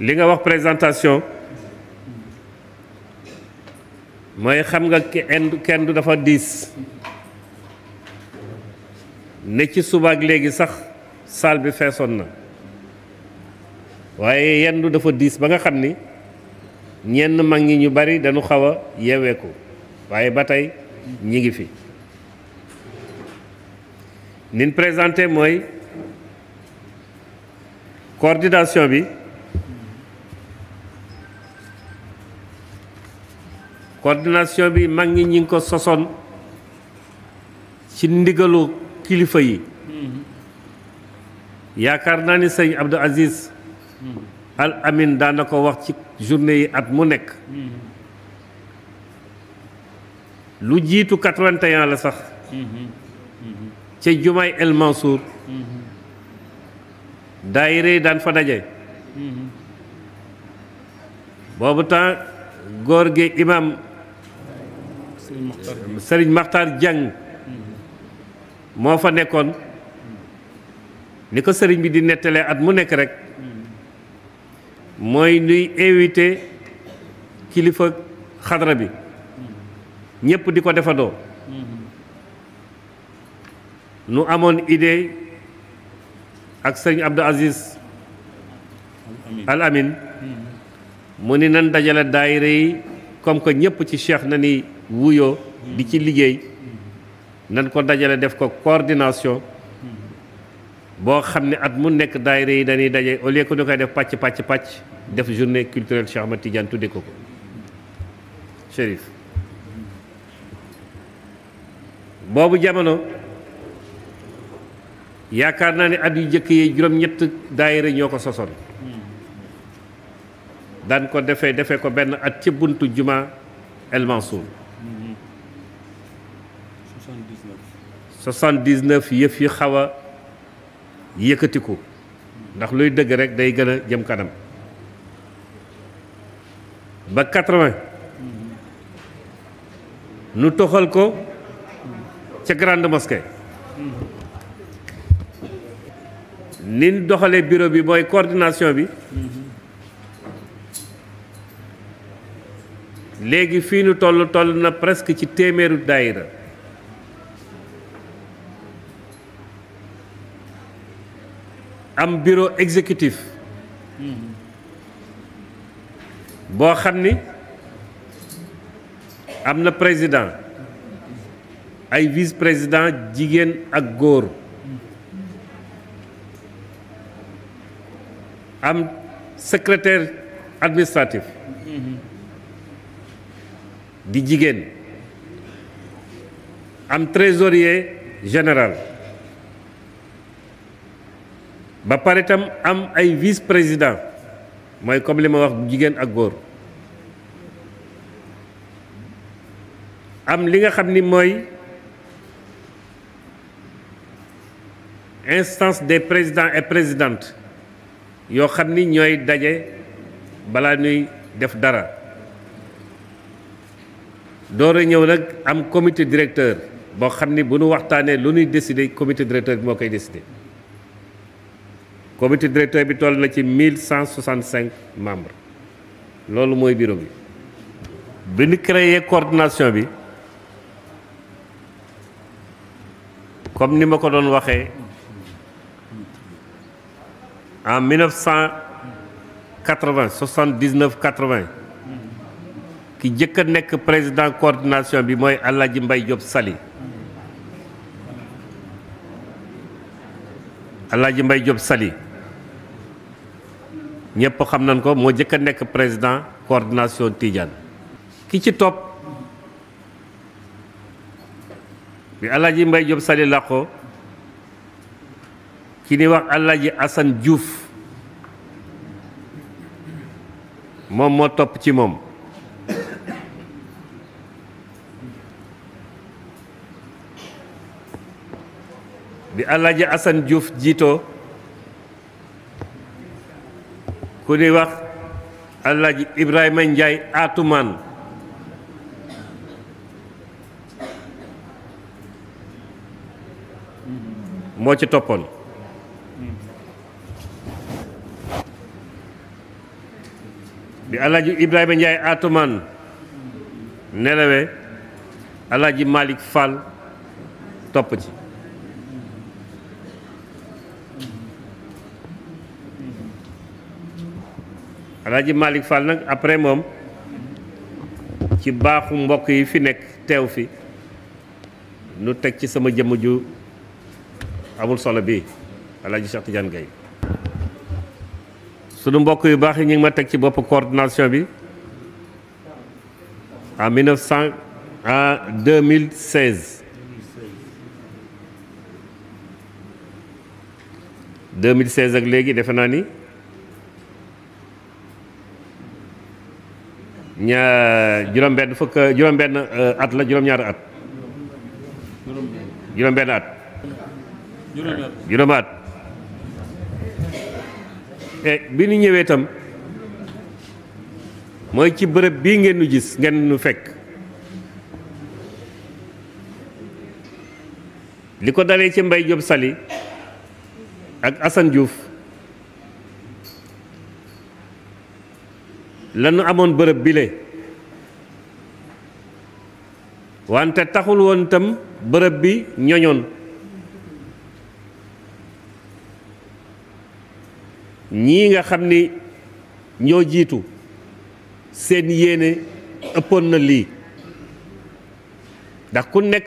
li nga wax présentation mooy xam nga kenn du dafa diis ne ci subaak léegi sax saal bi feesoon na waaye yendu dafa diis ba nga xam ni ñenn mag ñi ñu bari dañu xaw a yeweeku waaye ba tey ñi ngi fi nin présenté mooy coordination bi coordination bi mag ñi ñi ngi ko sosoon ci ndigalu kilifa yi yaakaar naa ni sëñ Abdou Aziz Al Amin daana ko wax ci journée yi at mu nekk lu jiitu 81 la sax ca jumaay El Mansour daayira yi daan fa daje boobu temps góor gi Serigne Makhtar Dieng moo fa nekkoon ni ko sëriñ bi di nettalee at mu nekk rek mooy nuy invité kilifa xadra bi ñépp di ko defandoo nu amoon idée ak sëriñ Abdou Aziz Al Amin mu ni nan dajale daayira yi comme que ñëpp ci cheikh na ni wuyoo di ci liggéey nan ko dajale def ko coordination boo xam ne at mu nekk dayre yi dañuy daje au lieu que ñu koy def pàcc pàcc pàcc def journée culturelle Cheikh Ahmad Tidiane ko ko boobu jamono yaakaar naa ne at yu jëkk yi juróom-ñett ñoo ko sosoon daan ko defee defee ko benn at ci buntu juma El Mansour 79 yëf yi xaw a yëkkatiku ndax luy dëgg rek day gën jëm kanam ba 80 nu toxal ko ca grande mosquée ni ñu doxalee bureau bi mooy coordination bi léegi fii nu toll toll na presque ci téeméeru daayira am bureau exécutif boo xam ni am na président ay vice président jigéen ak góor am secrétaire administratif. Mm-hmm. di jigen am trésorier général ba pare tam am ay vice président moy comme lima ma wax jigen ak gor am li nga xamni moy instance des présidents et présidentes Yo xamni ñoy dajé daje balaa ñuy def dara door a ñëw nag am comité directeur boo xam ni bu nu waxtaanee lu nuy décider comité directeur bi moo koy décider comité directeur bi toll na ci mille cent soixante cinq membres loolu mooy bureau bi bi ñu créé coordination bi comme ni ma ko doon waxee en mille neuf cent quatre-vingt soixante-dix-neuf vingt ki jëkk a nekk président coordination bi mooy Alaaji Mbay Diop Sali Alaaji Mbay Diop Sali ñëpp xam nañ ko moo jëkk a nekk président coordination Tidiane ki ci topp bi Alaaji Mbay Diop Sali la ko ki ni wax Alaaji Assane Diouf moom moo topp ci moom bi Alaaji Assane Diouf jiitoo ku di wax Alaaji Ibrahima Ndiaye Atumaan moo ci toppoon bi Alaaji Ibrahima Ndiaye Atumaan nelawee Alaaji Malick Fall topp ci Alaaji malik Fall nag après moom ci baaxu mbokk yi fi nekk teew fi nu teg ci sama jëmm ju amul solo bii Alaaji Cheikh Tidiane Gaye sunu mbokk yu baax yi ngi ma teg ci bopp coordination bi en 1900 en 2016 2016 ak léegi defe ni ña juróom-benn fukk juróom-benn uh, at la juróom-ñaari at. juróom-benn at. juróom at. e bi ñu ñëwee itam mooy ci bërëb bii ngeen nu gis ngeen nu fekk. li ko dalee ci Mbaye Diop Sali ak Assane Diouf. lanu amoon bërëb bile wante taxul woon tam bërëb bi ñoñoon ñii nga xam ni ñoo jiitu seen yéene ëppoon na lii ndax ku nekk